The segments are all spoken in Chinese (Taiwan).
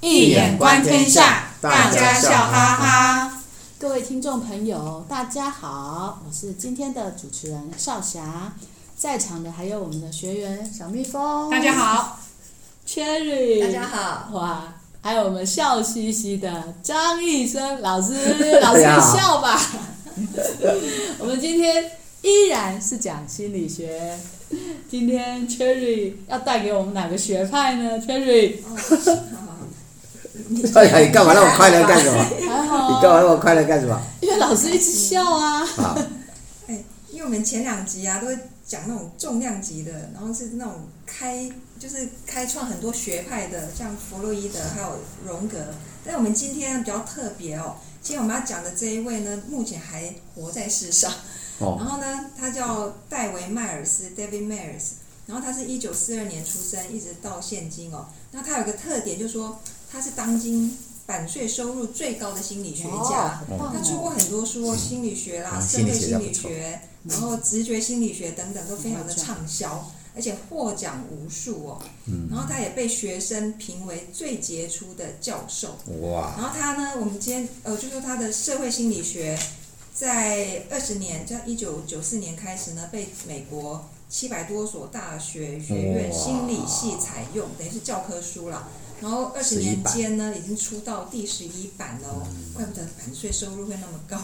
易眼,易眼觀天下，大家笑哈哈,哈哈。各位聽眾朋友，大家好，我是今天的主持人少霞。在場的還有我們的學員小蜜蜂，大家好；Cherry，大家好。哇，還有我們笑嘻嘻的張醫生老師，老師,, 老師笑吧。 我們今天依然是講心理學。今天 Cherry 要帶給我們哪個學派呢？Cherry。 你、哎、你快，你幹嘛那麼快樂幹什麼？你幹嘛那麼快樂幹什麼？ 因為老師一直笑啊。好。哎、因為我們前兩集啊，都會講那種重量級的，然後是那種開就是開創很多學派的，像弗洛伊德還有榮格。但我們今天比較特別哦，今天我們要講的這一位呢，目前還活在世上。哦、然後呢，他叫戴維麥爾斯、嗯、（David Myers），然後他是一九四二年出生，一直到現今哦。那他有個特點，就是說。他是當今版稅收入最高的心理學家，oh, oh, oh, oh, oh. 他出過很多書，心理學啦、嗯、社會心理學，然後直覺心理學等等都非常的暢銷，嗯、而且獲獎無數哦、嗯。然後他也被學生評為最傑出的教授。哇！然後他呢，我們今天呃，就說、是、他的社會心理學在二十年，在一九九四年開始呢，被美國七百多所大學學院心理系採用，等於是教科書了。然後二十年間呢，已經出到第十一版了哦，嗯、怪不得版稅收入會那麼高、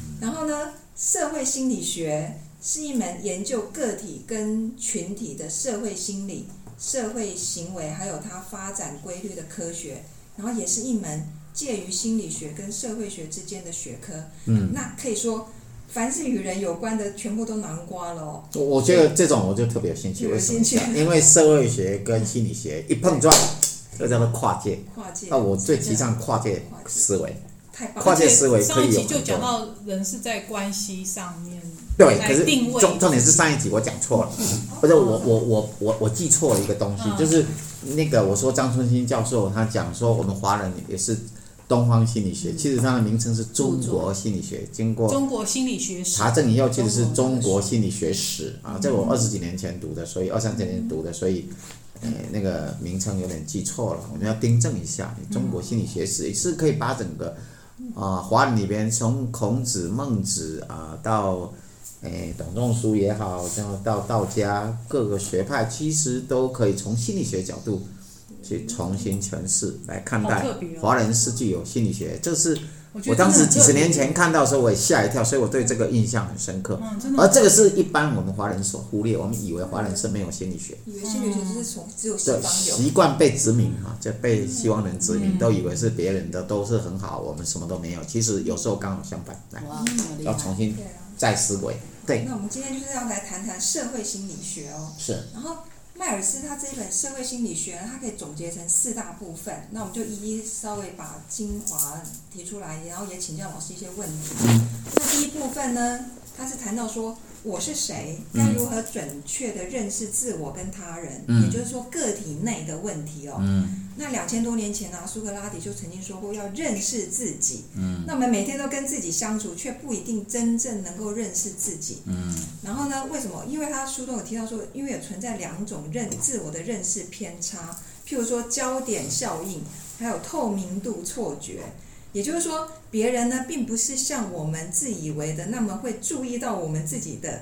嗯。然後呢，社會心理學是一門研究個體跟群體的社會心理、社會行為，還有它發展規律的科學。然後也是一門介於心理學跟社會學之間的學科。嗯，那可以說，凡是與人有關的，全部都囊括了。我我覺得這種我就特別有興趣，嗯、為什麼？因為社會學跟心理學一碰撞。這叫做跨界，跨界。那我最提倡跨界思維。太棒，跨界思維可以有。上一集就講到人是在關係上面。對，對定位，可是重重點是上一集我講錯了，不、嗯、是、嗯、我我我我我記錯了一個東西，嗯、就是那個我說張春興教授他講說我們華人也是東方心理學，嗯、其實他的名稱是中國心理學。嗯、經過中國心理學史。查證你要其實是中國心理學史，理學史啊，在、嗯、我二十幾年前讀的，所以二三十年讀的、嗯，所以。哎，那個名稱有點記錯了，我們要訂正一下。中國心理學史也是可以把整個，啊、呃，華人裡邊從孔子、孟子啊、呃、到，誒董仲舒也好，然後到道家各個學派，其實都可以從心理學角度去重新詮釋來看待。華人是具有心理學，這是。我，我當時幾十年前看到的時候，我也嚇一跳，所以我對這個印象很深刻，嗯真的很。而這個是一般我們華人所忽略，我們以為華人是沒有心理學，以為心理學就是從只有西方有。習慣被殖民哈，就被西方人殖民，嗯，都以為是別人的，都是很好，我們什麼都沒有。其實有時候剛好相反，來嗯，要重新再思維對對，啊。對，那我們今天就是要來談談社會心理學哦。是，然後。邁爾斯他這一本社會心理學，它，可以總結成四大部分，那我們就一一稍微把精華提出來，然後也請教老師一些問題。嗯、那第一部分呢，他是談到說，我是誰，該如何準確地認識自我跟他人，嗯、也就是說個體內的問題哦。嗯那兩千多年前呢、啊，蘇格拉底就曾經說過，要認識自己。嗯，那我們每天都跟自己相處，卻不一定真正能夠認識自己。嗯，然後呢，為什麼？因為他書中有提到說，因為有存在兩種認自我的認識偏差，譬如說焦點效應，還有透明度錯覺。也就是說，別人呢，並不是像我們自以為的那麼會注意到我們自己的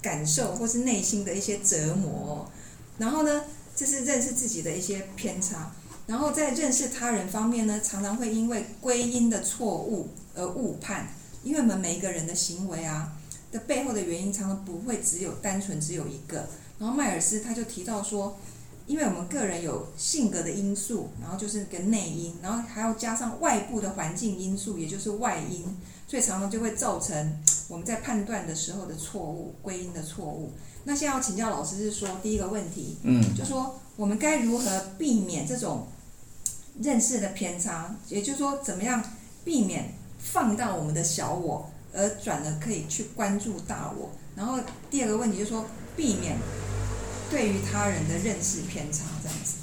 感受或是內心的一些折磨。然後呢，這是認識自己的一些偏差。然後在認識他人方面呢，常常會因為歸因的錯誤而誤判，因為我們每一個人的行為啊的背後的原因，常常不會只有單純只有一個。然後邁爾斯他就提到說，因為我們個人有性格的因素，然後就是跟內因，然後還要加上外部的環境因素，也就是外因，所以常常就會造成我們在判斷的時候的錯誤，歸因的錯誤。那現在要請教老師是說，第一個問題，嗯，就說我們該如何避免這種？認識的偏差，也就是說，怎麼樣避免放到我們的小我，而轉了可以去關注大我？然後第二個問題就是說，避免對於他人的認識偏差，這樣子。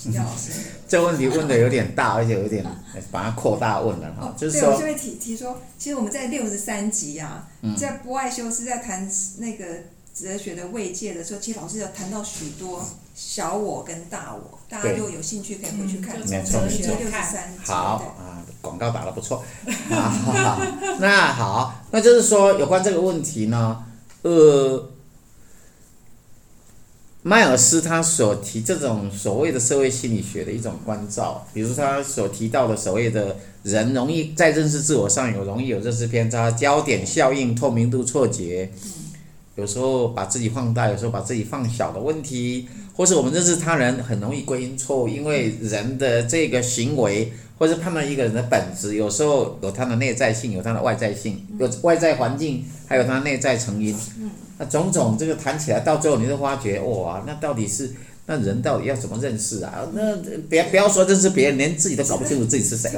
請、嗯、教老師、嗯，這問題問的有點大、啊，而且有點、啊、把它擴大問了哈、哦。就是說，對，我就會提提說，其實我們在六十三集啊，嗯、在波愛修斯在談那個。哲學的慰藉的時候，其實老師有談到許多小我跟大我，大家如果有興趣可以回去看《哲學六三》。好啊，廣告打得不錯。 那好，那就是說有關這個問題呢，呃，邁爾斯他所提這種所謂的社會心理學的一種關照，比如他所提到的所謂的人容易在認識自我上有容易有認知偏差、焦點效應、透明度錯覺。有時候把自己放大，有時候把自己放小的問題，或是我們認識他人很容易歸因錯誤，因為人的這個行為，或是判斷一個人的本質，有時候有他的內在性，有他的外在性，有外在環境，還有他內在成因，那種種這個談起來到最後，你就發覺，哇，那到底是。那人到底要怎麼認識啊？那別不，不要說這是別人，連自己都搞不清楚自己是誰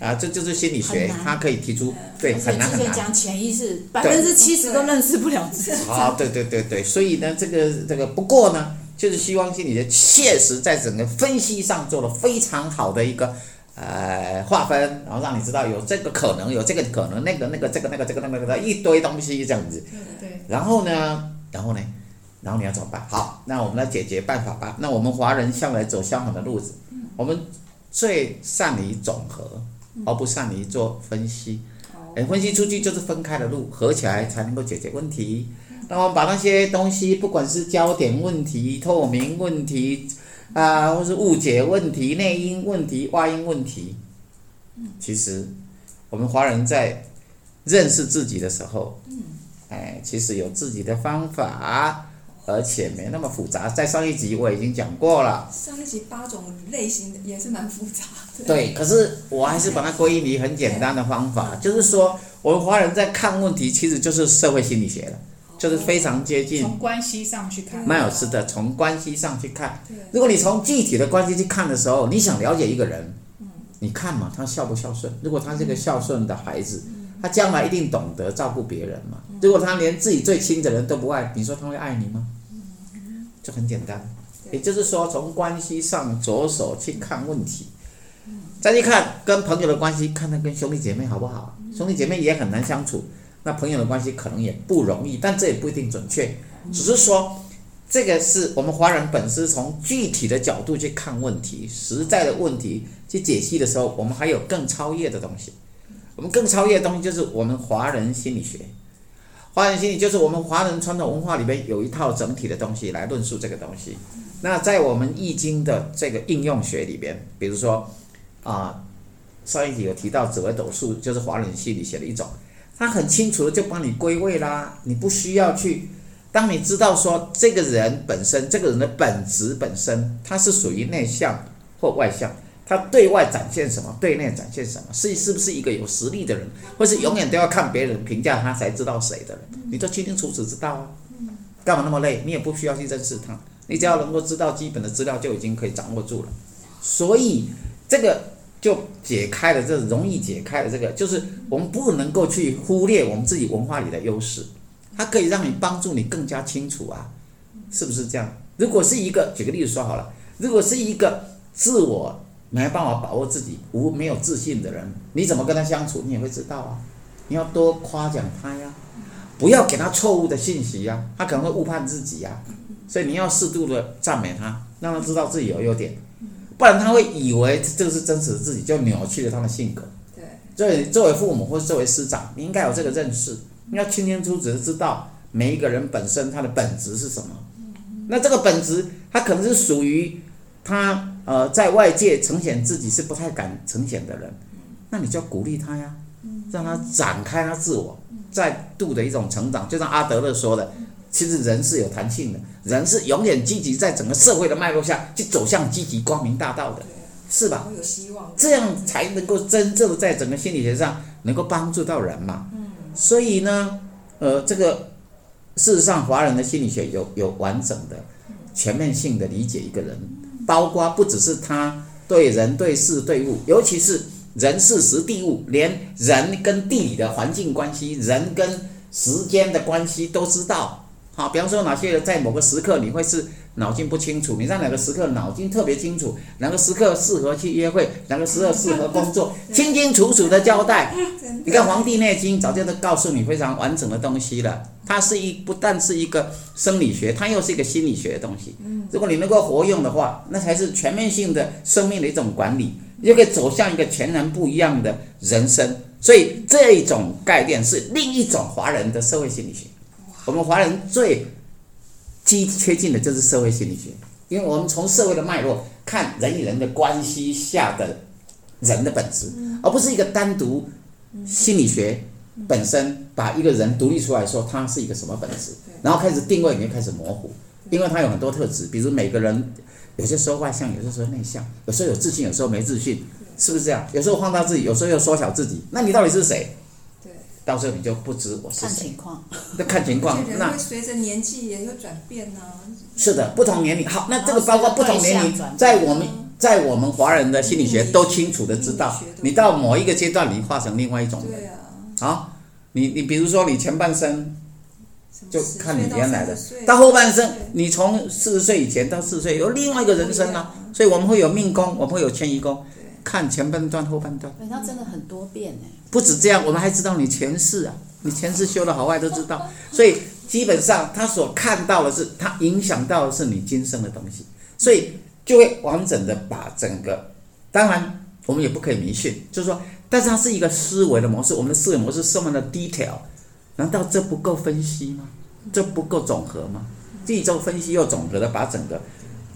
啊！這就，就是心理學，他可以提出、呃、對，很難很難講潛意識，百分之七十都認識不了自己。啊、嗯哦，對對對對，所以呢，這個這個不過呢，就是希望心理學確實在整個分析上做了非常好的一個呃劃分，然後讓你知道有這個可能，有這個可能，那個那個這個那個這個那個一堆東西這樣子。對，對，對。然後呢？然後呢？然後你要怎麼辦？好，那我們來解決辦法吧。那我們華人向來走相反的路子，我們最善於綜合，而不善於做分析。哎，分析出去就是分開的路，合起來才能夠解決問題。那我們把那些東西，不管是焦點問題、透明問題啊，呃，或是誤解問題、內因問題、外因問題，其實我們華人在認識自己的時候，哎，其實有自己的方法。而且沒那麼複雜，在上一集我已經講過了。上一集八種類型的也是蠻複雜的對。對，可是我還是把它歸於很簡單的方法，就是說我們華人在看問題，其實就是社會心理學的，就是非常接近從關係上去看。邁爾斯的，從關係上去看。如果你從具體的關係去看的時候，你想了解一個人，你看嘛，他孝不孝順？如果他是一個孝順的孩子，嗯、他將來一定懂得照顧別人嘛、嗯。如果他連自己最親的人都不愛，你說他會愛你嗎？這很簡單，也就是說，從關係上着手去看問題，再去看跟朋友的關係，看他跟兄弟姐妹好不好？兄弟姐妹也很難相處，那朋友的關係可能也不容易，但這也不一定準確。只是說，這個是我們華人本身從具體的角度去看問題、實在的問題去解析的時候，我們還有更超越的東西。我們更超越的東西就是我們華人心理學。華人心理就是我們華人傳統文化裡面有一套整體的東西來論述這個東西。那在我們易經的這個應用學裡邊，比如說，啊、呃，上一集有提到紫微斗數，就是華人心理學的一種，它很清楚的就幫你歸位啦，你不需要去。當你知道說這個人本身，這個人的本質本身，他是屬於內向或外向。他對外展現什麼，對內展現什麼，是是不是一個有實力的人，或是永遠都要看別人評價他才知道誰的人？你都清清楚楚知道啊，幹嘛那麼累？你也不需要去認識他，你只要能夠知道基本的資料就已經可以掌握住了。所以這個就解開了、這個，這容易解開了。這個就是我們不能夠去忽略我們自己文化裡的優勢，它可以讓你幫助你更加清楚啊，是不是這樣？如果是一個，舉個例子說好了，如果是一個自我。沒辦法把握自己無沒有自信的人，你怎麼跟他相處，你也會知道啊。你要多誇獎他呀，不要給他錯誤的信息呀、啊，他可能會誤判自己呀、啊。所以你要適度的讚美他，讓他知道自己有優點，不然他會以為這個是真實的自己，就扭曲了他的性格。對，所以作為父母或者作為師長，你應該有這個認識，你要清清楚楚的知道每一個人本身他的本質是什麼。那這個本質，他可能是屬於他。呃，在外界呈現自己是不太敢呈現的人，那你就要鼓勵他呀，讓他展開他自我，再度的一種成長。就像阿德勒說的，其實人是有彈性的，人是永遠積極，在整個社會的脈絡下去走向積極光明大道的，是吧？這樣才能夠真正的在整個心理學上能夠幫助到人嘛。嗯，所以呢，呃，這個事實上，華人的心理學有有完整的、全面性的理解一個人。包括不只是他對人、對事、對物，尤其是人、事、時、地、物，連人跟地理的環境關係，人跟時間的關係都知道。好，比方說哪些人在某個時刻你會是腦筋不清楚，你在哪個時刻腦筋特別清楚，哪個時刻適合去約會，哪個時刻適合工作， 清清楚楚的交代。你看《黃帝內經》早就都告訴你非常完整的東西了，它是一，不但是一個生理學，它又是一個心理學的東西。嗯，如果你能夠活用的話，那才是全面性的生命的一種管理，又可以走向一個全然不一樣的人生。所以這一種概念是另一種華人的社會心理學。我們華人最基接近的就是社會心理學，因為我們從社會的脈絡看人與人的關係下的人的本質，而不是一個單獨心理學本身把一個人獨立出來說他是一個什麼本質。然後開始定位你就開始模糊，因為他有很多特質，比如每個人有些時候外向，有些時候內向，有時候有自信，有時候沒自信，是不是這樣？有時候放大自己，有時候又縮小自己，那你到底是誰？到時候你就不知，我是看情況，那看情況。那隨着年紀也有轉變呢、啊。是的，不同年齡。好，那這個包括不同年齡，在我們，在我們華人的心理學都清楚的知道，你到某一個階段，你化成另外一種人。啊。你你比如說，你前半生就看你原來的，到後半生，你從四十歲以前到四十歲，有另外一個人生了、啊。所以，我們會有命宮，我們會有遷移宮。看前半段，後半段，那、欸、真的很多變。不止這樣，我們還知道你前世啊，你前世修的好壞都知道， 所以基本上他所看到的是，他影響到的是你今生的東西，所以就會完整的把整個。當然，我們也不可以迷信，就是說，但是它是一個思維的模式，我們的思維模式這麼的 detail，難道這不夠分析嗎？這不夠綜合嗎？既作分析又綜合的把整個，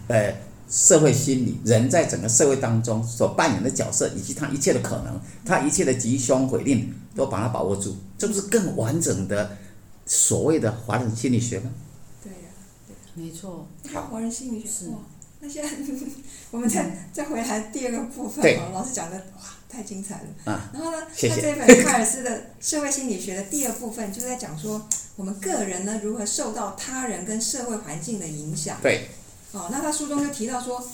呃社會心理，人在整個社會當中所扮演的角色，以及他一切的可能，他一切的吉凶悔吝，都把它把握住，這不是更完整的所謂的華人心理學嗎？對呀、啊，對，沒錯，啊、華人心理學哇，那現在 我們再再回來第二個部分啊，老師講的哇，太精彩了啊！然後呢，謝、謝這本邁爾斯的社會心理學的第二部分，就是在講說我們個人呢如何受到他人跟社會環境的影響。對。哦，那他書中就提到說，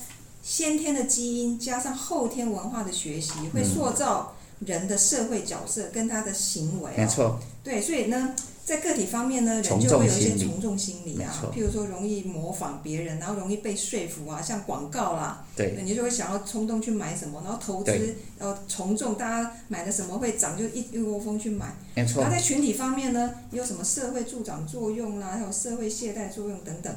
先天的基因加上後天文化的學習，會塑造人的社會角色跟他的行為、啊嗯。沒錯，對，所以呢，在個體方面呢，人就會有一些從眾心,、啊、心理啊，譬如說容易模仿別人，然後容易被說服啊，像廣告啦、啊，對，你就會想要衝動去買什麼，然後投資，然後從眾，大家買了什麼會漲，就一窩蜂去買。沒錯。然後在群體方面呢，有什麼社會助長作用啦、啊，還有社會懈怠作用等等。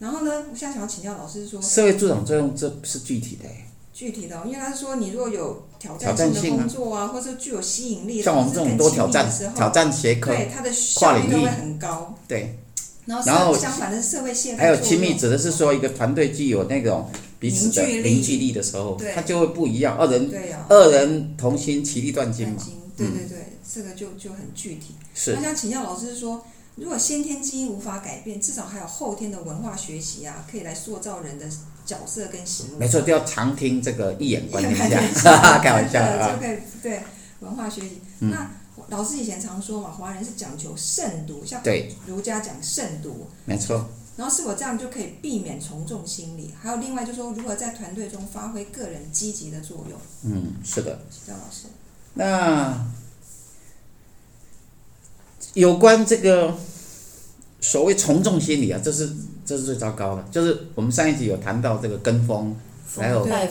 然後呢，我現在想要請教老師說，社會助長作用這不是具體的具體的、哦，因為他說你如果有挑戰性的工作啊，或者具有吸引力，像我們這種多挑戰、挑戰學科，對他的效率都會很高。對，然後,然後相反的是社會懈怠。還有親密指的是說一個團隊具有那種彼此的凝聚,凝聚力的時候，它就會不一樣。二人、啊、二人同心其利斷金嘛。對對對，嗯、這個就就很具體。是，我想請教老師說。如果先天基因無法改變，至少還有後天的文化學習啊，可以來塑造人的角色跟行為。沒錯，就要常聽這個易眼觀點玩笑對，講 啊。對對，文化學習。嗯、那老師以前常說嘛，華人是講求慎獨，像對儒家講慎獨，沒錯。然後是否這樣就可以避免從眾心、心理，還有另外就是說，如何在團隊中發揮個人積極的作用。嗯，是的。徐江老師。那有關這個。所謂從眾心理啊，這是這是最糟糕的。就是我們上一集有談到這個跟風，風，還有帶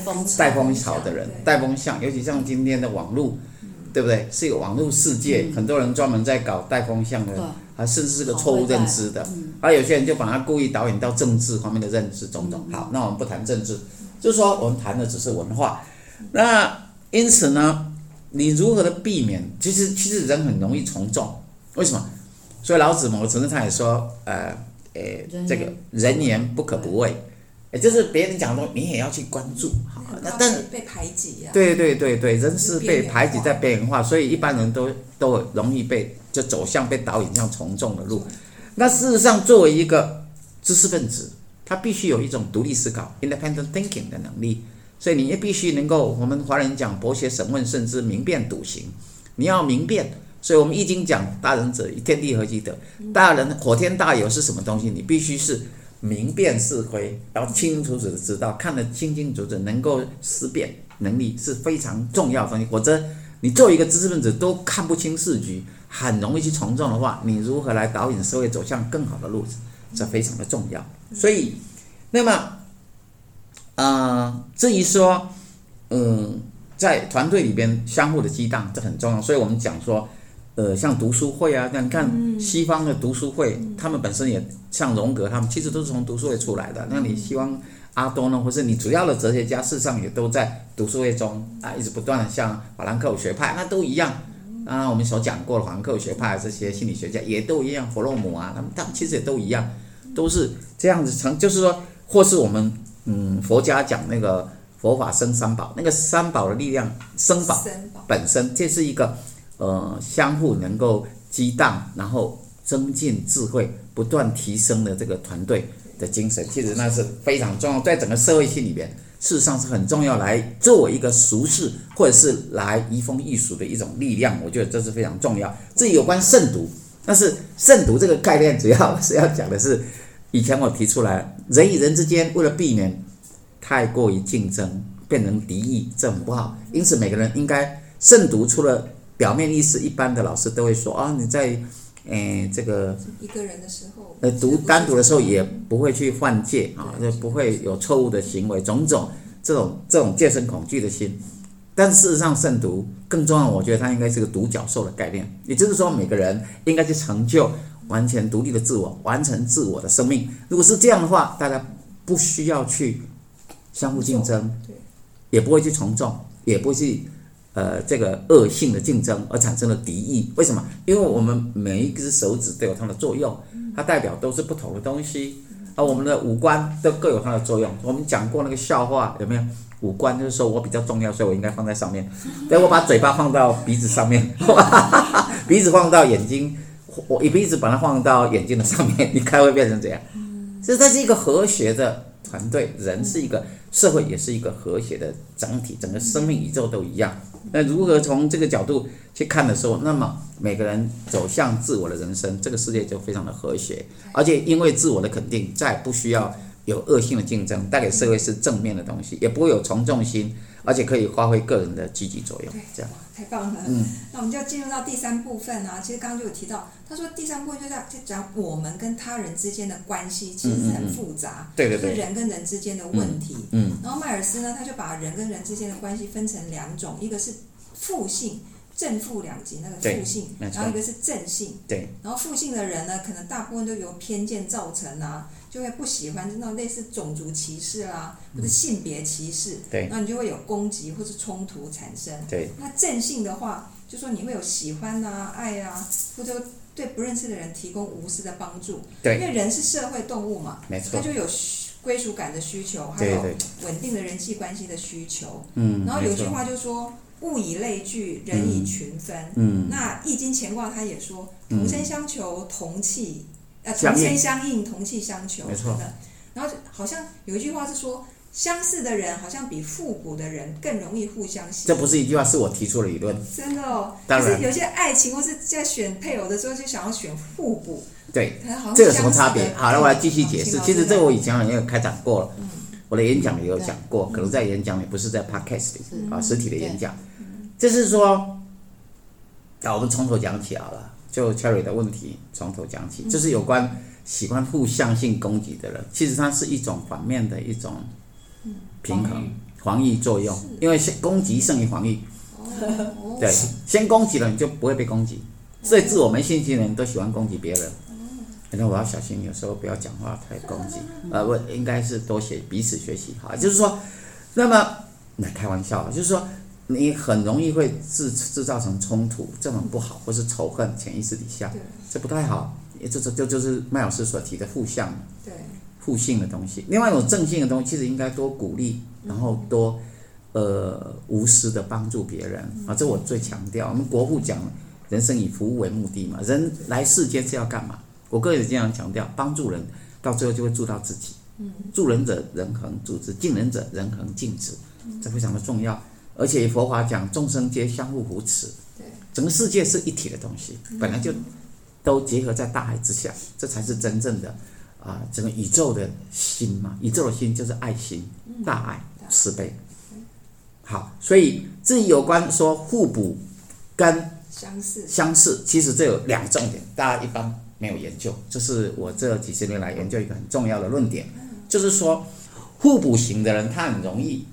風潮的人，帶風向，尤其像今天的網絡，對，對不對？是有網絡世界、嗯，很多人專門在搞帶風向的，啊、嗯，甚至是個錯誤認知的。而、啊、有些人就把它故意導演到政治方面的認知種種、嗯。好，那我們不談政治，就說我們談的只是文化。那因此呢，你如何的避免？其實其實人很容易從眾，為什麼？所以老子某個程度上他也說，呃，誒、呃，這個人言不可不畏，也就是別人講說你也要去關注，那但但是被排擠呀、啊。對對對對，人是被排擠在邊緣化，化，所以一般人都都容易被就走向被導引，一樣從眾的路。那事實上，作為一個知識分子，他必須有一種獨立思考 （independent thinking） 的能力，所以你也必須能夠，我們華人講博學、審問、慎思、明辨、篤行，你要明辨。所以，我們易經講大，大人者，天地合其德。大人，火天大有是什麼東西？你必須是明辨是非，要清清楚楚的知道，看得清清楚楚，能夠思辨能力是非常重要的東西。否則，你作為一個知識分子都看不清事局，很容易去從眾的話，你如何來導引社會走向更好的路子？這非常的重要。所以，那麼，呃，至於說，嗯，在團隊裡邊相互的激盪，這很重要。所以我們講說。呃，像讀書會啊，看看西方的讀書會，嗯、他們本身也像榮格，他們其實都是從讀書會出來的。那你希望阿多呢，或是你主要的哲學家，事實上也都在讀書會中啊，一直不斷地像法蘭克福學派，那都一樣啊。我們所講過的法蘭克福學派這些心理學家也都一樣，佛洛姆啊，他們他們其實也都一樣，都是這樣子成，就是說，或是我們嗯，佛家講那個佛法僧三寶，那個三寶的力量僧寶，僧寶，本身這是一個，呃，相互能夠激盪，然後增進智慧，不斷提升的這個團隊的精神，其實那是非常重要。在整個社會性裡面，事實上是很重要，來作為一個俗世或者是來移風易俗的一種力量，我覺得這是非常重要。至於有關慎獨，但是慎獨這個概念主要是要講的是，以前我提出來，人與人之間為了避免太過於競爭變成敵意，這很不好，因此每個人應該慎獨，除了表面意思，一般的老師都會說啊，你在，哎、呃，這個一個人的時候，呃，讀單獨的時候也不會去犯戒啊，也、哦、不會有錯誤的行為，種種這種這種戒慎恐懼的心。但事實上，慎獨更重要，我覺得它應該是個獨角獸的概念，也就是說，每個人應該去成就完全獨立的自我，完成自我的生命。如果是這樣的話，大家不需要去相互競爭，對，也不會去從眾，也不會去。呃，這個惡性的競爭而產生了敵意，為什麼？因為我們每一根手指都有它的作用，它代表都是不同的東西。而我們的五官都各有它的作用。我們講過那個笑話，有沒有？五官就是說我比較重要，所以我應該放在上面。等我把嘴巴放到鼻子上面，哈哈，鼻子放到眼睛，我一鼻子把它放到眼睛的上面，你看會變成怎樣？所以它是一個和諧的團隊，人是一個社會，也是一個和諧的整體，整個生命宇宙都一樣。那如何從這個角度去看的時候，那麼每個人走向自我的人生，這個世界就非常的和諧，而且因為自我的肯定，再也不需要有惡性的競爭，帶給社會是正面的東西，也不會有從眾心。而且可以發揮個人的積極作用。對，這樣太棒了。嗯。那我們就要進入到第三部分啊。其實剛剛就有提到，他說第三部分就在、是、講我們跟他人之間的關係，其實是很複雜。嗯嗯，對對對，人跟人之間的問題。嗯，嗯。然後邁爾斯呢，他就把人跟人之間的關係分成兩種，一個是負性。正負兩極，那個負性，然後一個是正性，對，然後負性的人呢，可能大部分都由偏見造成啊，就會不喜歡那種類似種族歧視啊，嗯、或者性別歧視，那你就會有攻擊或者衝突產生，對。那正性的話，就說你會有喜歡啊、愛啊，或者對不認識的人提供無私的幫助，對，因為人是社會動物嘛，沒錯，他就有歸屬感的需求，對對還有穩定的人際關係的需求，嗯，然後有句話就說，物以類聚，人以群分。嗯，嗯，那《易經》乾卦它也說，同聲相求同氣，嗯嗯，同氣呃，同聲相應，同氣相求。沒錯。然後好像有一句話是說，相似的人好像比互補的人更容易互相吸引。這不是一句話，是我提出的理論，嗯。真的哦。當然，可是有些愛情或是在選配偶的時候就想要選互補。對，好像相這有什麼差別？好了，我來繼續解釋，嗯。其實這個我以前好像有開展過了，嗯，我的演講也有講過。可能在演講裡不是在 Podcast 裡啊，實體的演講。就是說，那、啊、我們從頭講起好了。就 Cherry 的問題，從頭講起，就、嗯、是有關喜歡互相性攻擊的人，其實它是一種反面的一種平衡、嗯、防禦作用，因為攻擊勝於防禦。對，先攻擊了你就不會被攻擊。所以自我沒信心的人，都喜歡攻擊別人。反、嗯、正、欸、我要小心，有時候不要講話太攻擊、嗯。呃，我應該是多寫彼此學習，好、嗯，就是說，那麼來開玩笑就是說。你很容易會制制造成衝突，這種不好，或是仇恨潛意識底下，這不太好。這這就就，就，就是麥老師所提的負向，負性的東西。另外一種正性的東西，其實應該多鼓勵，然後多呃無私的幫助別人、嗯、啊，這我最強調。我們國父講，人生以服務為目的嘛，人來世間是要幹嘛？我個人經常強調，幫助人到最後就會助到自己。助人者人恆助之，敬人者人恆敬之，這非常的重要。而且佛法講眾生皆相互扶持，整個世界是一體的東西，本來就都結合在大海之下，這才是真正的啊、呃，整個宇宙的心嘛。宇宙的心就是愛心、大愛、慈悲。好，所以這有關說互補跟相似，相似其實這有兩個重點，大家一般沒有研究。這是我這幾十年來研究一個很重要的論點，就是說互補型的人他很容易，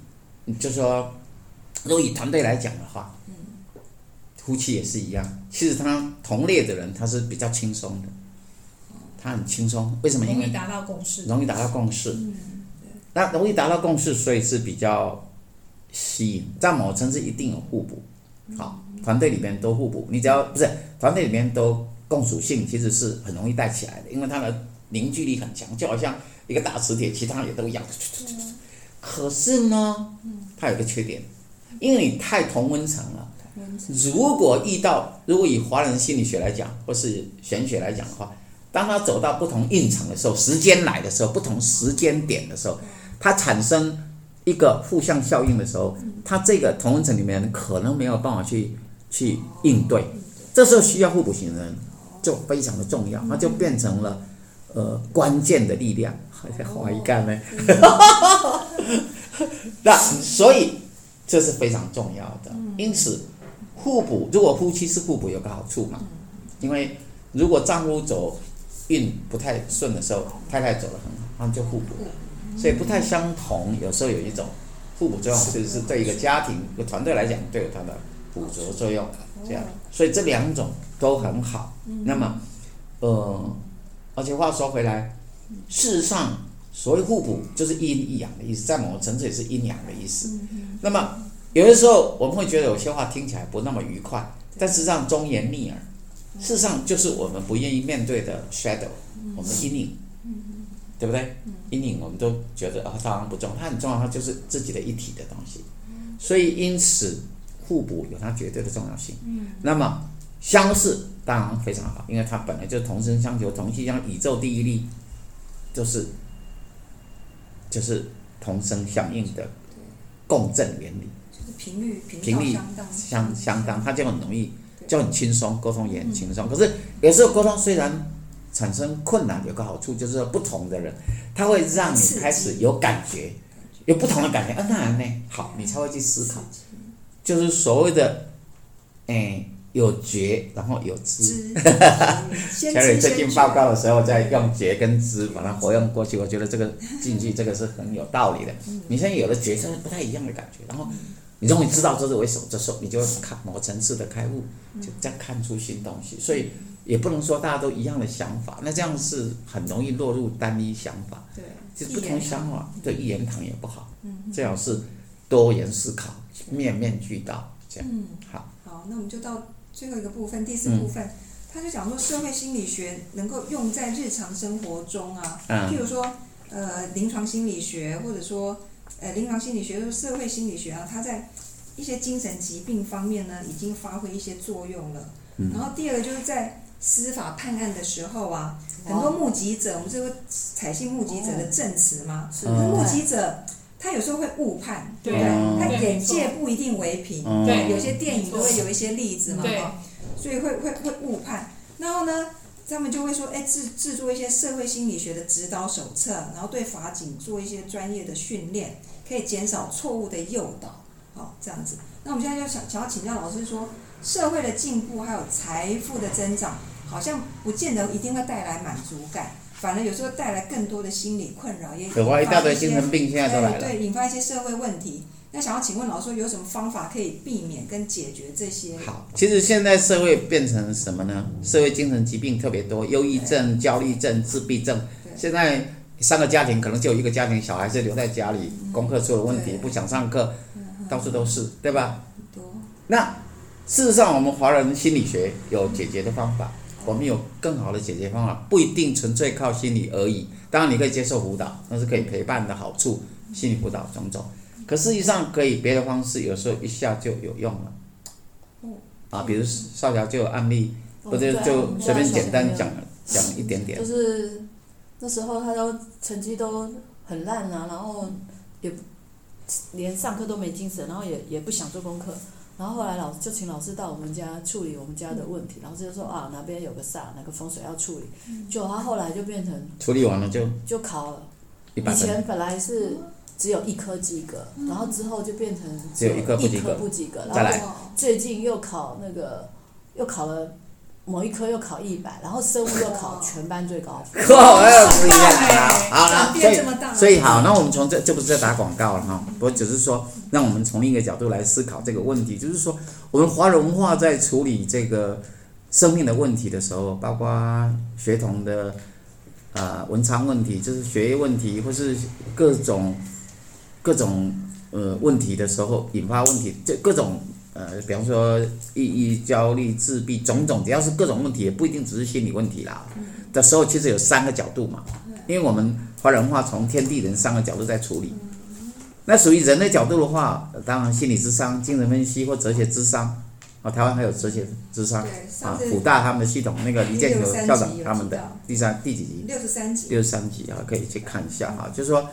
就是說。如果以團隊來講的話，夫、嗯、妻也是一樣。其實他同列的人，他是比較輕鬆的、哦，他很輕鬆。為什麼？因為容易達到共識。容易達到共識、嗯。那容易達到共識，所以是比較吸引。在某個層次，一定有互補。好，團隊裡面都互補。你只要不是團隊裡面都共屬性，其實是很容易帶起來的，因為他的凝聚力很強，就好像一個大磁鐵，其他也都一樣。嗯、可是呢，他、嗯、有個缺點。因為你太同溫層了。如果遇到，如果以華人心理學來講，或是玄學來講的話，當他走到不同應層的時候，時間來的時候，不同時間點的時候，它產生一個互相效應的時候，它這個同溫層裡面可能沒有辦法去去應對，這時候需要互補型人，就非常的重要，那就變成了呃關鍵的力量，還在懷疑幹嘛？ 那所以。這是非常重要的，因此互補。如果夫妻是互補，有個好處嘛，因為如果丈夫走運不太順的時候，太太走得很好，他們就互補了，所以不太相同，有時候有一種互補作用，就是對一個家庭、一個團隊來講，都有它的補足作用。這樣，所以這兩種都很好。那麼，呃，而且話說回來，事實上，所謂互補就是一陰一陽的意思，在某個層次也是陰陽的意思。那麼，有的時候我們會覺得有些話聽起來不那麼愉快，但事實上忠言逆耳，事實上就是我們不願意面對的 shadow，對我們陰影，對不對、嗯？陰影我們都覺得啊、哦，當然不重要，它很重要，它就是自己的一體的東西。所以因此互補有它絕對的重要性。嗯、那麼相似當然非常好，因為它本來就是同聲相求，同氣相宇宙第一力，就是就是同聲相應的。共振原理，就是頻率、頻率相當、頻率相、相當，它就很容易，就很輕鬆，溝通也很輕鬆、嗯。可是有時候溝通雖然產生困難，有個好處就是不同的人，他會讓你開始有感覺，有不同的感覺。啊、那當然呢，好，你才會去思考，就是所謂的，欸有覺，然後有知。小李 最近報告的時候在用覺跟知把它活用過去，我覺得這個進去這個是很有道理的。 你現在有了覺， 真的不太一樣的感覺。然後你終於知道這是為首， 這時候你就某多層次的開悟， 就再看出新東西。所以也不能說大家都一樣的想法，那這樣是很容易落入單一想法。 對，就不同想法對一言堂也不好。嗯，最好是多元思考， 面面俱到，這樣。嗯， 好。 好，那我們就到。最後一個部分，第四部分，他、嗯、就講說社會心理學能夠用在日常生活中啊，嗯、譬如說，呃，臨床心理學或者說，呃，臨床心理學或者說社會心理學啊，它，在一些精神疾病方面呢，已經發揮一些作用了、嗯。然後第二個就是在司法判案的時候啊，很多目擊者、哦，我們是會採信目擊者的證詞嘛，是、哦、目擊者。哦他有時候會誤判，對，對對他眼界不一定為憑，對，有些電影都會有一些例子嘛，對，所以會會會,會誤判，然後呢，他們就會說，哎，制制作一些社會心理學的指導手冊，然後對法警做一些專業的訓練，可以減少錯誤的誘導，好，這樣子。那我們現在就想想要請教老師說，說社會的進步還有財富的增長，好像不見得一定會帶來滿足感。反而有時候帶來更多的心理困擾，也引發一大堆精神病現在都來了。對，對引發一些社會問題。那想要請問老師，有什麼方法可以避免跟解決這些？好，其實現在社會變成什麼呢？社會精神疾病特別多，憂鬱症、焦慮症、自閉症，現在三個家庭可能就有一個家庭小孩子留在家裡，嗯、功課出了問題，不想上課，到處都是，對吧？很多。那事實上，我們華人心理學有解決的方法。嗯我們有更好的解決方法，不一定純粹靠心理而已。當然，你可以接受輔導，那是可以陪伴的好處，心理輔導種種。可實際上，可以別的方式，有時候一下就有用了。啊，比如少喬就有案例，哦、不對、對、啊、就隨便簡單講講一點點。就是，那時候他都成績都很爛啊，然後也連上課都沒精神，然後也也不想做功課。然後後來老師就請老師到我們家處理我們家的問題，然、嗯、後就說啊，哪邊有個煞，哪個風水要處理，嗯、就他後，後來就變成處理完了就、嗯、就考了，以前本來是只有一科及格、嗯，然後之後就變成只有一科不及格，嗯、及格然後再來最近又考那個又考了某一科又考一百，然後生物又考全班最高，哇 好，我兒子好，好，所以所以，所以好，那我們從這這不是在打廣告了哈，我、嗯、只是說。讓我們從另一個角度來思考這個問題，就是說，我們華人文化在處理這個生命的問題的時候，包括學童的啊、呃、文昌問題，就是學業問題，或是各種各種呃問題的時候，引發問題，就各種呃，比方說抑鬱焦慮、自閉，種種，只要是各種問題，也不一定只是心理問題啦。的時候，其實有三個角度嘛，因為我們華人文化從天地人三個角度在處理。那屬於人類角度的話，當然心理諮商、精神分析或哲學諮商啊，台灣還有哲學諮商啊，輔大他們的系統，那個李建球校長他們的第三63第幾級六十三級六十三級啊，可以去看一下哈。就是說，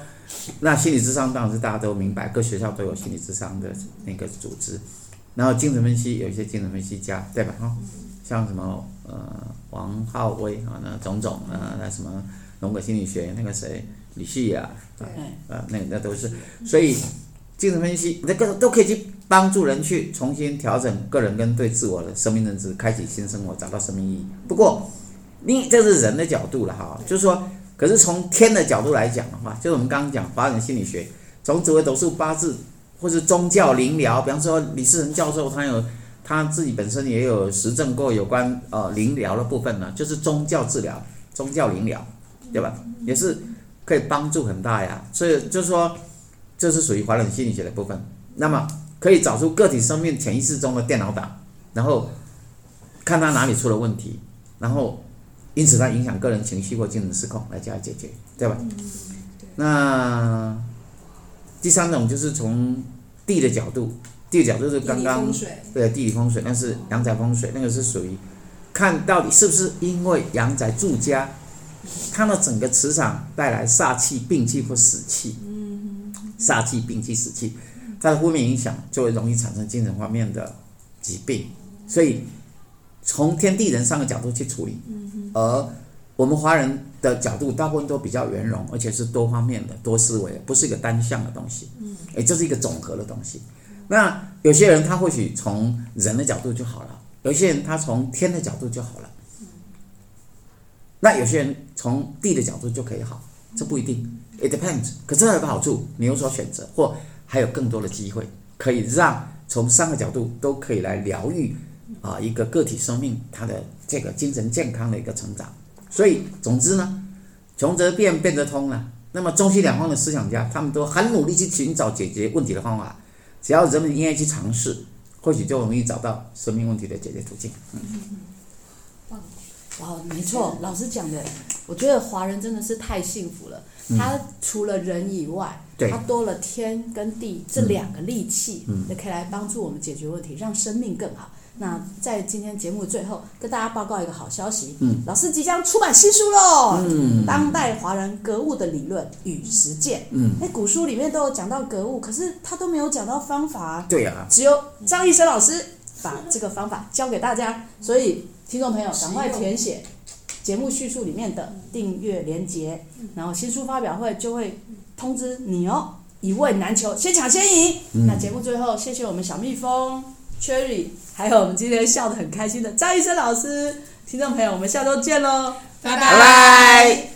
那心理諮商當然是大家都明白，各學校都有心理諮商的那個組織。然後精神分析有一些精神分析家，對吧？哈、嗯，像什麼呃王浩威啊，那種種啊，那什麼榮格心理學那個誰李旭啊。嗯，那那都是，所以精神分析，那個都可以去幫助人去重新調整個人跟對自我的生命認知，開啟新生活，找到生命意義。不過，你這是人的角度了哈，就是說，可是從天的角度來講的話，就是我們剛剛講華人心理學，從紫微斗數、八字，或是宗教靈療，比方說李世仁教授，他有他自己本身也有實證過有關呃靈療的部分呢，就是宗教治療、宗教靈療，對吧？也是。可以幫助很大呀！所以就是說，這是屬於華人心理學的部分。那麼可以找出個體生命潛意識中的電腦檔，然後看他哪裡出了問題，然後因此他影響個人情緒或精神失控來加以解決，對吧？嗯、對。那第三種就是從地的角度，地的角度是剛剛對地理風水，那是陽宅風水，那個是屬於看到底是不是因為陽宅住家。它的整個磁場帶來煞氣、病氣或死氣，煞氣、病氣、死氣，它的負面影響就會容易產生精神方面的疾病。所以從天地人三個角度去處理，而我們華人的角度，大部分都比較圓融，而且是多方面的、多思維，不是一個單向的東西，這是一個總和的東西。那有些人他或許從人的角度就好了，有些人他從天的角度就好了。那有些人從地的角度就可以好，這不一定，嗯，it depends。可是這還有個好處，你有所選擇，或還有更多的機會，可以讓從三個角度都可以來療癒，啊，一個個體生命它的這個精神健康的一個成長。所以，總之呢，窮則變，變則通了。那麼中西兩方的思想家，他們都很努力去尋找解決問題的方法。只要人們願意去嘗試，或許就容易找到生命問題的解決途徑。嗯。嗯哇，沒錯，老師講的，我覺得華人真的是太幸福了。嗯、他除了人以外，他多了天跟地這兩個利器，嗯嗯，就可以來幫助我們解決問題，讓生命更好。那在今天節目最後，跟大家報告一個好消息，嗯，老師即將出版新書嘍，嗯，當代華人格物的理論與實踐，嗯，那、欸、古書裡面都有講到格物，可是他都沒有講到方法，對啊，只有張易生老師把這個方法教給大家， 所以。聽眾朋友，趕快填寫節目敘述裡面的訂閱連結，然後新書發表會就會通知你哦，一位難求，先搶先贏、嗯。那節目最後，謝謝我們小蜜蜂 Cherry，還有我們今天笑得很開心的張玉生老師。聽眾朋友，我們下周見嘍，拜拜。Bye bye